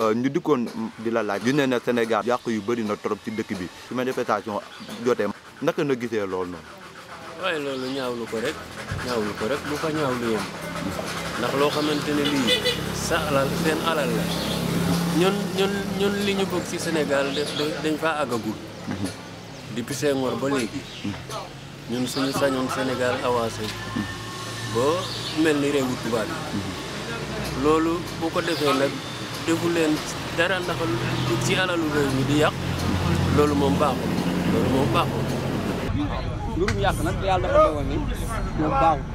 Euh, ñu dikkoon di la laaj ñu ne na Sénégal yàqu yu bëri na trop ci dëkk bi su ma manifestation jotee naka na gisee loolu noonu waaye loolu ñaawlu ko rek ko rek bu ndax loo xamante ne lii sa alal seen alal la ñun ñun li ñu bëgg ci Sénégal def dañ faa àggagul depuis Senghor ba léegi ñun suñu sañoon Sénégal avancé ba mel ni réewu tubaab bi loolu bu ko defee nag defu leen dara ndax ci alalu réew mi di yàq loolu moom baaxul loolu moom baaxul. mbirum yàq nag yàlla dafa dogal ni moom baaxul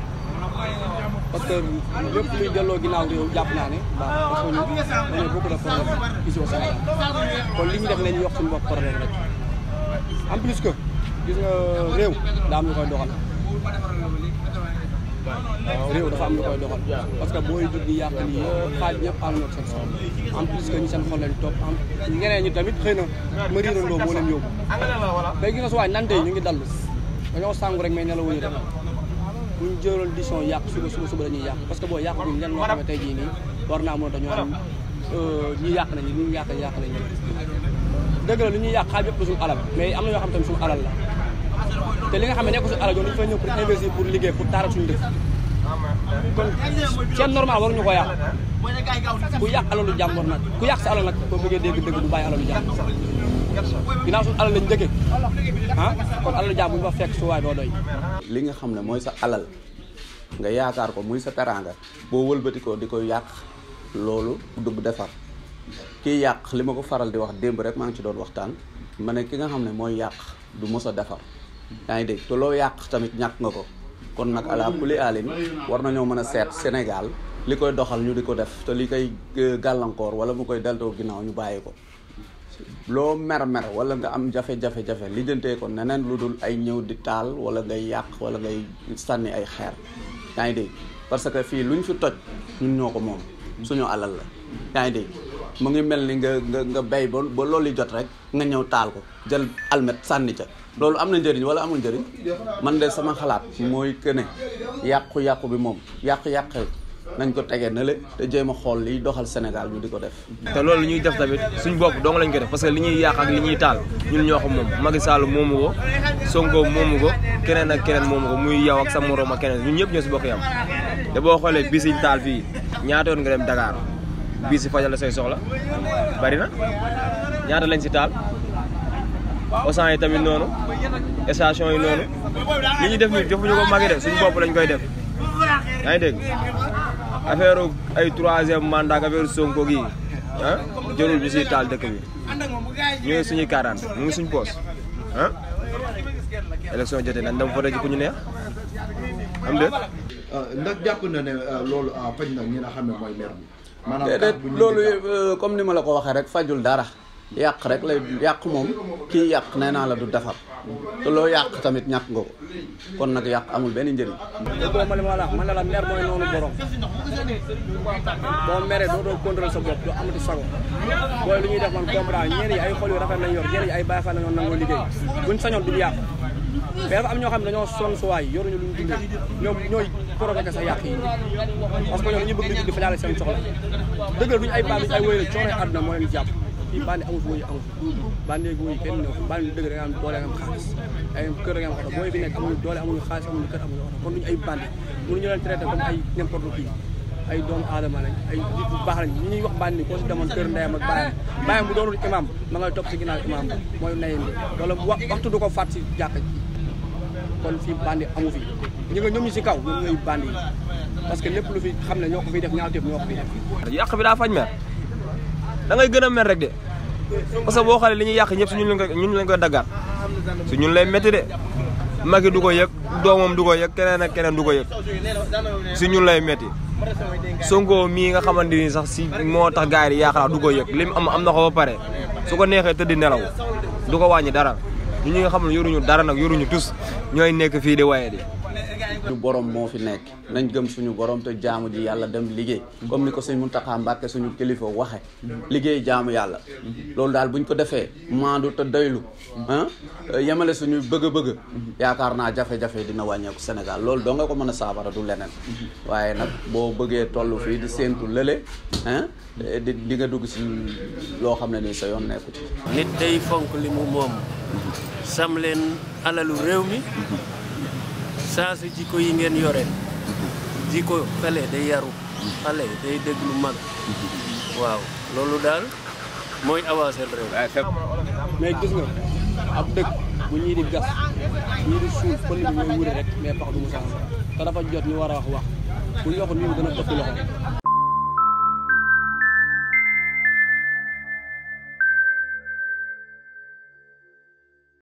parce que lépp luy delloo ginnaaw réew jàpp naa ne baaxul parce que ñun on est beaucoup de problème kon li ñu def nañu yokk suñu bopp problème rek en plus que réew daa am ñu doxal. réew dafa am lu koy doxal parce que booy jug di yàq lii yëpp xaaj yëpp ànd ak seen soxla en plus que ñu seen xol leen topp en ñeneen ñi tamit xëy na ma riirandoo moo leen yóbbu day gis su waay nante ñu ngi dañoo sàngu rek mais nelawuñu rek buñ jëloon décision yàq suba suba suba yàq parce que boo yàq buñ leen loo xam ne tey jii nii war naa mën a dañoo am euh, ñi yàq nañu ñi yàq yàq nañu dëgg la li ñuy yàq xaaj yëpp suñu alal mais am na yoo xam tamit suñu alal la te li nga xam ne nekkul si àll jooju dañu fay ñëw liggéey pour taaral suñu dëkk kon seen normal waruñu ko yàq ku yàq alalu jàmbur nag ku yàq sa alal nag boo bëggee dégg dëgg du bàyyi alalu jàmbur ginnaaw suñu alal lañ ah, kon alalu jàmbur bu ñu fa fekk su waay doo doy. li nga xam ne mooy sa alal nga yaakaar ko muy sa teraanga boo wëlbati ko di ko yàq loolu du defar kii yàq li ma ko faral di wax démb rek maa ngi ci doon waxtaan ma ne ki nga xam ne mooy yàq du mos a defar. yaa ngi dégg te loo yàq tamit ñàkk nga ko kon nag ala kulli alin war na nañoo mën a seet Sénégal li koy doxal ñu di ko def te li koy e, gàllankoor wala mu koy deltoo ginnaaw ñu bàyyi ko loo mer-mer wala nga am jafe-jafe-jafe li ko neneen lu dul ay ñëw di taal wala ngay yàq wala ngay sànni ay xeer yaa ngi parce que fii lu ñu fi toj ñun ñoo ko moom suñu alal la yaa ngi mu ngi mel ni nga nga nga bay ba ba loolu jot rek nga ñëw taal ko jël almet sànni ca loolu am na njëriñ wala amul njëriñ man de sama xalaat mooy que ne yàqu-yàqu bi moom yàqu-yàqe nañ ko tegee na le te jéem a xool liy doxal Sénégal ñu di ko def. te loolu li ñuy def tamit suñ bopp dong lañ ko def parce que li ñuy yàq ak li ñuy taal ñun ñoo ko moom Macky Sall moomu ko Sonko moomu ko keneen ak keneen moomu ko muy yow ak sa morom ak keneen ñun ñëpp ñoo si ko yam te boo xoolee bii yi taal fii ñaata yoon nga dem Dakar. bii si fajal la say soxla bari na ñaata lañ si taal osan yi tamit noonu station yi noonu li ñu def nii jofuñu ko magi def suñu bopp lañ koy def yaa ngi dégg affaire ay troisième mandat ak affaire Sonko gi ah jërul ñu siy taal dëkk bi ñu ngi suñuy quarante mu ngi suñu poos ah élection jotee nañ dem voté ji ñu neex am ah, jàpp na ne ah, loolu pañ ah, nag ñi xam ne mooy maire bi déedéet loolu euh, comme ni ma la ko waxee rek fajul dara yàq rek lay yàq moom kii yàq nee naa la du defar te loo yàq tamit ñàkk nga kon nag yàq amul benn njëriñ. déggoo ma li ma la la la mer mooy noonu borom boo meree doo doon contrôle sa bopp doo amati sago booy lu ñuy def man comprendre ñenn yi ay xol rafet lañ yor ñenn yi ay baaxal la ñu nangoo liggéey buñ sañoon duñ yàq. mais dafa am ñoo xam ne dañoo sonn suwaay yoruñu lu ñu dundee ñoom ñooy provoqué sa yàq yi parce que ñoom ñu bëgg di di fajaale seen soxla dëgg duñu ay bandi ay moo leen jàpp fii bandi amut wóy amut bandi léegi wóy kenn da doole amuñu xaalis amuñu kër amuñu oto duñu ay bandi mënuñu leen traité baax lañ ñi ñuy wax bànni ko si demoon kër ndeyam ak baayam baayam bu doonul imam ma ngay topp si imam mooy nayem bi wala waxtu ko fàtt si jàkk ji kon fii bandi amu fi ñu nga ñoom ñu si kaw ñoom ñooy bandi parce que lépp lu fi xam ne ñoo ko fiy def ñaawteef ñoo ko fiy def yàq bi daa fañ mer da ngay gën a mer rek de parce que boo xoolee li ñuy yàq ñëpp su ñun lañ koy ñun lañ koy daggaat su ñun lay métti de magi du ko yëg doomam du ko yëg keneen ak keneen du ko yëg si ñun lay métti Sonko mii nga xamante ni sax si moo tax gars yi di yàqalaa du ko yëg lim am am na ko ba pare su ko neexee tëdd nelaw du ko wàññi dara ñu ñi nga xam ne yoruñu dara nag yoruñu tus ñooy nekk fii di waaye di suñu borom moo fi nekk nañ gëm suñu borom te jaamu ji yàlla dem liggéey comme ni ko mun Muntaxa Mbàkke suñu kilifa waxe liggéey jaamu yàlla loolu daal buñ ko defee maandu te doylu ah yemale suñu bëgg-bëgg yaakaar naa jafe-jafe dina wàññeeku senegal loolu doo nga ko mën a saafara du leneen waaye nag boo bëggee toll fii di séentu lële ah di dugg si loo xam ne nii sa yoon nekku ci sam leen alalu réew mi saasu jikko yi ngeen yore jikko xale day yaru xale day déglu mag waaw loolu daal mooy avancé réew mais gis nga ab dëkk bu ñii di gas ñii di suuf pël bi ñooy wuri rek mais pax du mu sax te dafa jot ñu war a wax bu ñu waxoon ñu dana bëgg loxo